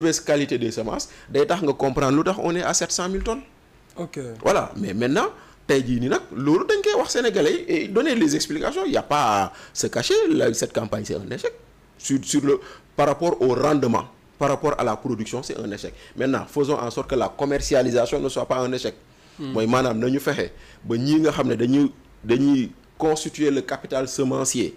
mauvaise qualité des semences d'ailleurs nga comprendre on est à 700 000 tonnes. ok voilà mais maintenant tey jii sénégalais et donner les explications il n'y a pas à se cacher cette campagne c'est un échec sur le par rapport au rendement par rapport à la production c'est un échec maintenant faisons en sorte que la commercialisation ne soit pas un échec. Hmm. Moi, je nañu fexe ba ñii constituer le capital semencier.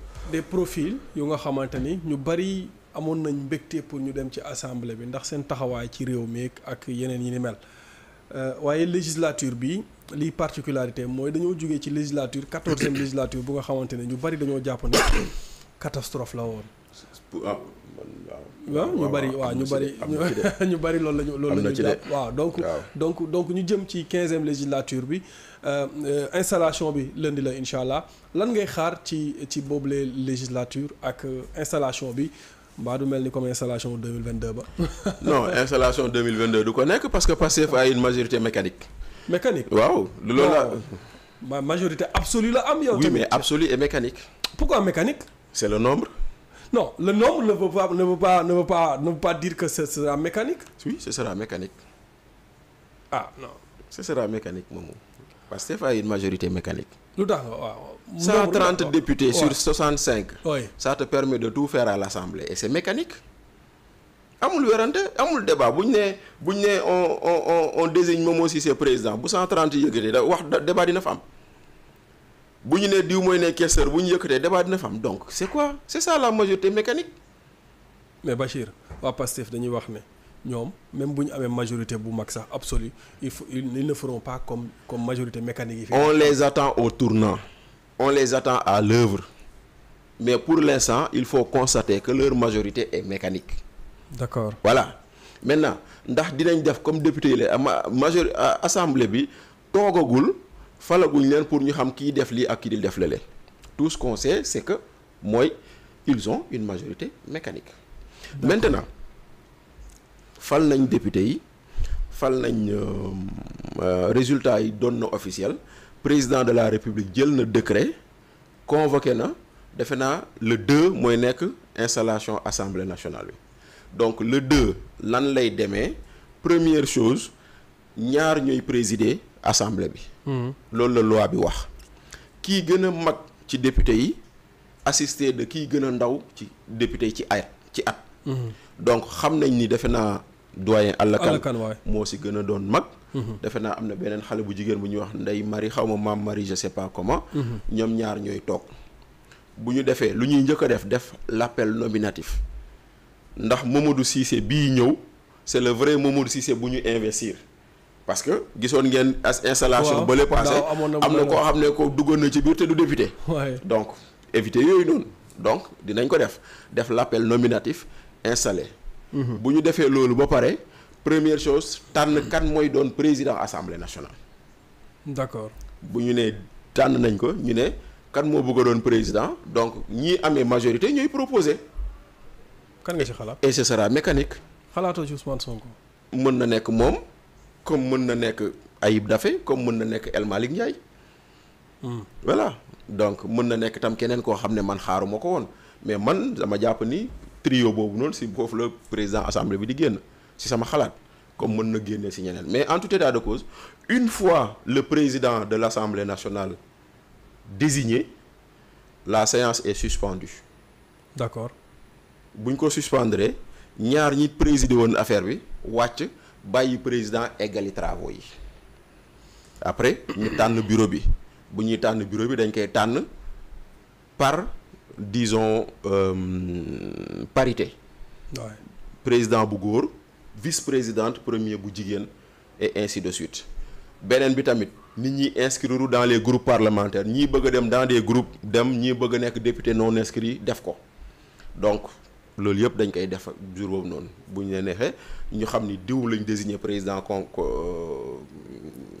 des profils yu nga xamante ni ñu bari amoon nañ mbégte pour ñu dem ci assemblée bi ndax seen taxawaay ci réew mi ak yeneen yi ni mel euh, waaye législature bi liy particularité mooy dañoo jógee ci législature quatorzième législature bu nga xamante ne ñu bari dañoo jàpp ne catastrophe la woon. Ah. waaw ñu bari waaw ñu bari ñu bari loolu la ñu loolu la ñu waaw donc donc donc ñu jëm ci 15e législature bi euh, euh, installation bi lundi la incha allah lan ngay xaar ci ci boobule législature ak euh, installation bi mbaa du mel ni comme installation 2022 ba non installation 2022 du ko nekk parce que Pastef a une majorité mécanique mécanique waaw lu loolu la bah, majorité absolue la am yow oui mais absolue et mécanique pourquoi mécanique c'est le nombre non, le nombre ne veut pas, ne veut pas, ne veut pas, ne veut pas dire que ce sera mécanique. Oui, ce sera mécanique. Ah, non. Ce sera mécanique, Momo. Parce que c'est une majorité mécanique. 130 députés sur 65, ça te permet de tout faire à l'Assemblée. Et c'est mécanique. amul werante amul débat de débat. Si on désigne Momo Cissé président bu 130 yëkkati a wax débat de fa diw débat donc c'est quoi c'est ça la majorité mécanique. mais Bachir wa Pastef dañuy wax ne ñom même bu amé majorité bu max sax absolue il ils ne feront pas comme comme majorité mécanique on les attend au tournant on les attend à l'œuvre mais pour l'instant il faut constater que leur majorité est mécanique. d'accord voilà maintenant ndax def comme député yi la ma assemblée bi il faut pour ñu xam ki def li ak ki def tout ce qu'on sait c'est que ils ont une majorité mécanique maintenant fal nañ député yi fal nañ euh, euh, résultat yi donne officiel président de la république jël na décret convoqué na defé na le 2 moy nek installation assemblée nationale donc le 2 lan lay démé première chose ñaar ñoy présider assemblée bi. loolu la loi bi wax. ki gën mag ci député yi assisté de ki gën ndaw ci député ci ay ci at. donc xam nañ ni defe na doyen. Alla Kane moo si gën a doon mag. Mhm. defe naa am na beneen xale bu jigeen bu ñu wax ndey Marie xawma mam mari Marie je sais pas comment. Mhm. ñom ñaar ñoy tok bu ñu defee lu ñuy def def l'appel nominatif ndax Mamadou Cissé bi ñëw c'est le vrai Mamadou Cissé bu ñu investir parce que gisoon ngeen installation ba le passé am na koo xam ko duggoon na ci biir té du député donc éviter yoy non donc dinañ ko def def l'appel nominatif installé mhm. bu ñu defee loolu ba paré. première chose tan kan moy don président assemblée nationale d'accord bu ñu nee tànn nañ ko ñu né kan mo bëgg don président donc ñi amé majorité ñoy proposer kan nga ci xalaat et ce sera mécanique xalaatoo ci Ousmane Sonko mën na nekk moom comme mën na Ayib Dafé, comme mën na El Malick Ndiaye. Hmm. voilà donc mën na nekk tam keneen koo xam ne man xaaruma mais man dama jàpp ni trio qui noonu si le président de l'Assemblée. di génn si sama xalaat comme mën a génne si mais en tout état de cause une fois le président de l'assemblée nationale désigné la séance est suspendue. d'accord buñ ko suspendre ñaar ñi présider woon affaire bi le président égalité travaux après ñu le bureau bi bu ñuy bureau bi dañ koy par disons euh, parité président bu vice-présidente premier bu et ainsi de suite benen bi tamit nit ñi inscrire dans les groupes parlementaires ñi bëgg dans des groupes dem ñi bëgg nekk député non inscrit def donc loolu yëpp dañ koy def jour boobu noonu bu ñu la ñu lañ président euh,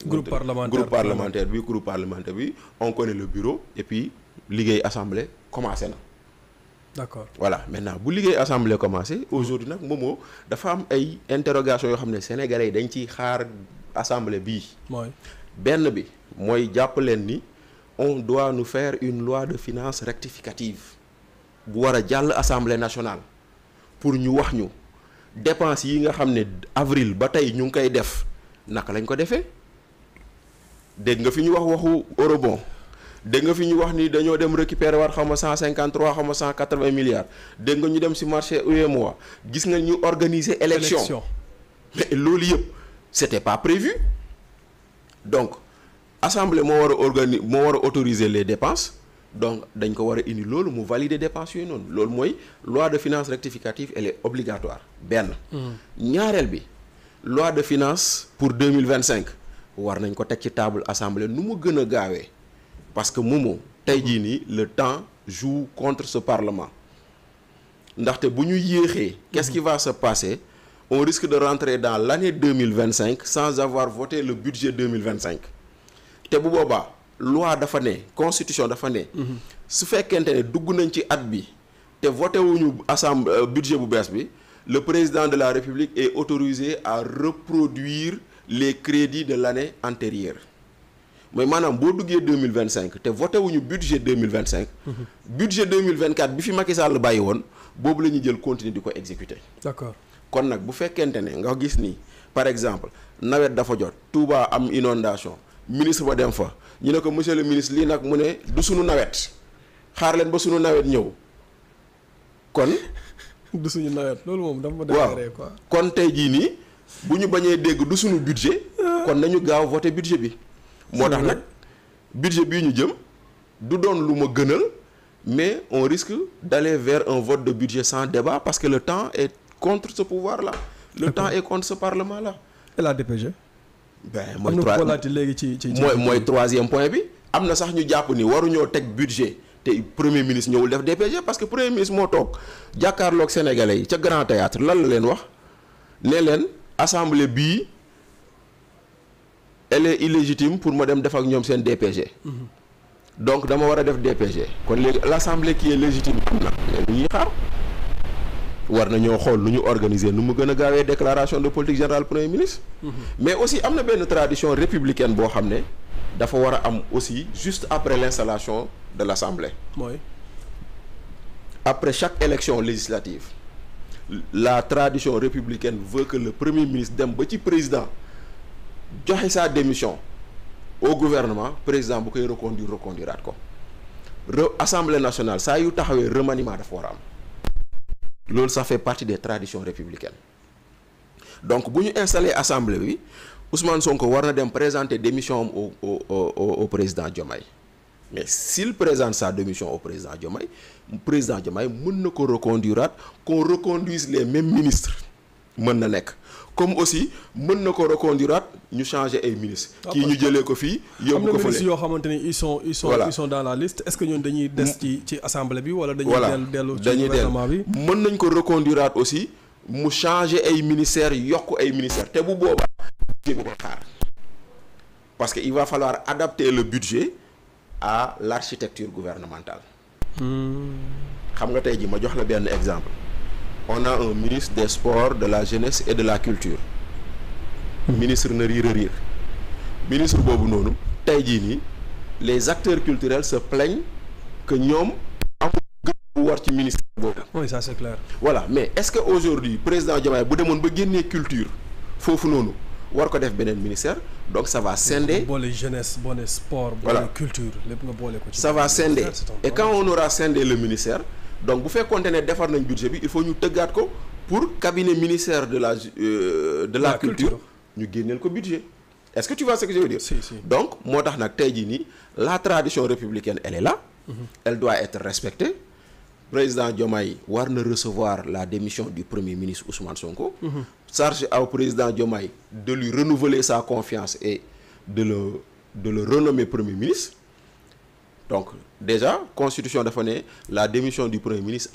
groupe parlementaire groupe parlementaire bi groupe parlementaire bi on connaît le bureau et puis liggéey assemblée commencé d'accord voilà maintenant bu liggéey assemblée commencé aujourd'hui nag moomoo dafa am ay interrogations yoo xam sénégalais yi dañ ci xaar assemblée bii. mooy benn bi mooy jàpp ni on doit nous faire une loi de finances rectificative bu war a assemblée nationale pour ñu wax ñu dépenses yi nga xamné avril ba tey ñu ngi koy def nak lañ ko défé dégg nga fi ñu wax waxu eurobond dégg nga fi ñu wax ni dañoo dem récupérer war xam 153 xam 180 milliards dégg nga ñu dem ci marché UEMOA gis nga ñu organiser élection mais loolu yëpp c'était pas prévu donc assemblée mo wara organiser mo wara autoriser les dépenses donc dañ ko wara indi lolu mu valider les pensions. non lolu loi de finances rectificative elle est obligatoire Bien. Mm. ñaarel bi loi de finances pour 2025 war nañ ko tek ci table assemblée nu mu gëna a parce que Momo, le temps joue contre ce parlement ndaxte qu'est-ce qui va se passer on risque de rentrer dans l'année 2025 sans avoir voté le budget 2025 té bu boba loi dafa constitution dafa né mhm. su fekkente ne dugg nañ ci at bi té voté wuñu assemblée euh, budget bu bees bi le président de la république est autorisé à reproduire les crédits de l'année antérieure mais maintenant bo 2025 2025 té voté wuñu budget 2025 mhm. budget 2024 bifima bi fi Macky Sall de woon boobu jël continuer diko exécuter. d'accord kon nak bu fekkente ne nga gis ni par exemple nawet dafa jot Touba am inondation ministre ba dem fa ñu ko monsieur le ministre li nak mu ne du suñu nawet xaar leen ba suñu nawet ñew kon. du suñu nawet loolu moom dama ma. quoi kon tey jii nii bu dégg du suñu budget ah. kon nañu gaaw voter budget bi. motax nak budget bi ñu jëm du doon lu ma gënal mais on risque d'aller vers un vote de budget sans débat parce que le temps est contre ce pouvoir là. le temps est contre ce parlement là. et la DPG. Ben, mooy troisième point bi amna sax ñu japp ni ñoo tek budget té premier ministre ñewul def DPG parce que premier ministre moo toog jàkkaarloog sénégalais ci grand théâtre lan la leen wax né leen assemblée bi elle est illégitime pour mo dem def ak ñom sen DPG. Mhm. donc dama wara def DPG. kon l'assemblée qui est légitime am na ñuy nous ñoo xol lu ñu organiser nu mu déclaration de politique générale premier ministre. Mhm. mais aussi y a une tradition républicaine qui xamné dafa wara aussi juste après l'installation de l'assemblée. après chaque élection législative la tradition républicaine veut que le premier ministre dem ba ci président joxe sa démission au gouvernement président bu koy reconduire reconduiraat ko assemblée nationale ça, yu un remaniement dafa wara l'on ça fait partie des traditions républicaines donc si vous installé l'Assemblée, Ousmane Sonko va présente présenter démission au président Diomaye mais s'il présente sa démission au président le président Diomaye ne na ko reconduire qu'on reconduise les mêmes ministres comme aussi mën na ko reconduiraat ñu changer ay ministres. Ah, ki ñu jëlé ko fi yóbbu ko fële. am na ministres ils sont ils sont ils sont dans la liste est-ce que ñoom dañuy des ci ci assemblée bi wala. dañuy dellu dellu ci gouvernement bi mën nañ ko reconduiraat aussi mu changer ay ministères yokk ay ministères té bu boba bu ko xaar parce que il va falloir adapter le budget à l'architecture gouvernementale. Hmm. xam nga tay ji ma jox la ben exemple on a un ministre des sports, de la jeunesse et de la culture. Hmm. ministre ne rire rire. Le ministre boobu noonu les acteurs culturels se plaignent que nous avons un bu war ci ministre oui ça c'est clair. voilà mais est-ce qu'aujourd'hui, le président Diomaye bu demoon ba une culture foofu noonu war ko def ministère donc ça va scinder. Les jeunesse bonne sport. bonne culture ça va scinder et quand on aura scindé le ministère donc vous faites contenir des le budget il faut nous nous gardions pour cabinet ministère de la euh, de la, culture nous budget est-ce que tu vois ce que je veux dire donc la tradition républicaine elle est là mm-hmm. elle doit être respectée président Diomaye doit recevoir la démission du premier ministre Ousmane Sonko mm au président Diomaye de lui renouveler sa confiance et le de le renommer premier ministre donc déjà constitution la démission du premier ministre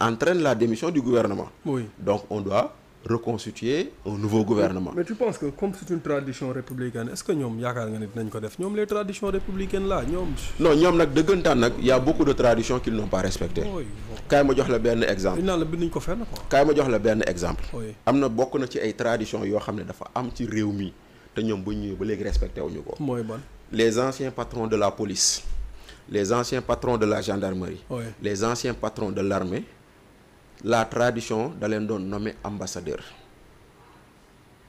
entraîne la démission du gouvernement. oui donc on doit reconstituer un nouveau gouvernement. mais tu penses que comme c'est une tradition républicaine est-ce que nous, avons les traditions républicaines là non nous, nag Il y a beaucoup de traditions qu'ils n'ont pas respectées. Quand je jox la un exemple. Quand vais la donner un exemple. Oui. y a beaucoup de traditions qui ont été dafa respecté les anciens patrons de la police les anciens patrons de la gendarmerie, les anciens patrons de l'armée, la tradition d'aller nommer ambassadeur.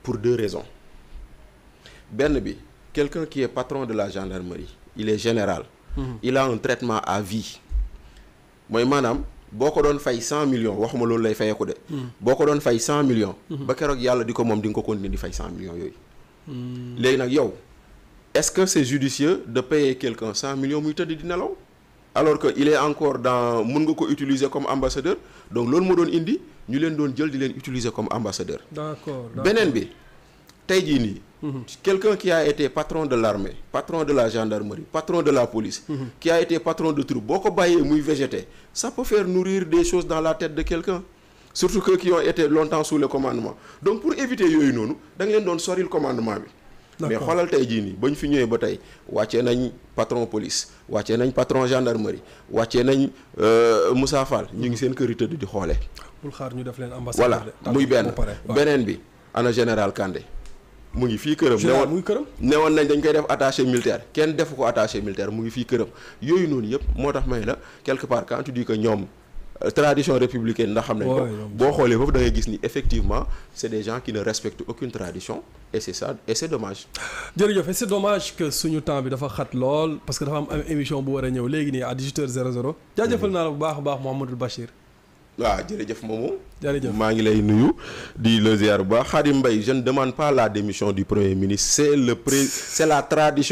Pour deux raisons. Benbi, quelqu'un qui est patron de la gendarmerie, il est général, mhm. il a un traitement à vie. Moi, madame, boo ko fay 100 millions waxuma lolou lay 100 de. Mhm. boo fay 100 millions. Mhm. ba keroog 100 millions est-ce que c'est judicieux de payer quelqu'un 100 millions de dollars? alors qu'il est encore dans mën comme ambassadeur donc nous mo nous indi ñu nous don jël utiliser comme ambassadeur d'accord benen bi mhm. quelqu'un qui a été patron de l'armée patron de la gendarmerie patron de la police mhm. qui a été patron de troupe boko baye muy végété ça peut faire nourrir des choses dans la tête de quelqu'un surtout que qui ont été longtemps sous le commandement donc pour éviter yoy nous nous, nous don le commandement mais xoolal tey jii nii ba ñu fi ñëwee ba tey wàccee nañ patron police wàccee nañ patron gendarmerie wàccee nañ euh, Moussa Fall ñu ngi seen kër yi tëdd di xoole bul xaar ñu def leen ambassadeur voilà muy benn beneen bi ana général kande mu ngi fii këram newoon woon këram newoon nañ dañ koy def attaché militaire kenn defu ko attaché militaire mu ngi fii këram yooyu noonu yëpp moo tax may la quelque part quand tu dis ñoom tradition républicaine ndax xam bon ko boo xoolee foofu da ngay ni effectivement c'est des gens qui ne respectent aucune tradition et c'est ça et c'est dommage jërëjëf et c'est dommage que suñu temps bi dafa xat parce que dafa am émission bu war a à 18h00 jaajëfal mm-hmm. naa la bu baax a baax Mouhamadou Bachir waaw jërëjëf Momo jërëjëf maa ngi lay nuyu di le ziar bu baax Khadim Mbaye je ne demande pas la démission du premier ministre c'est le c'est la tradition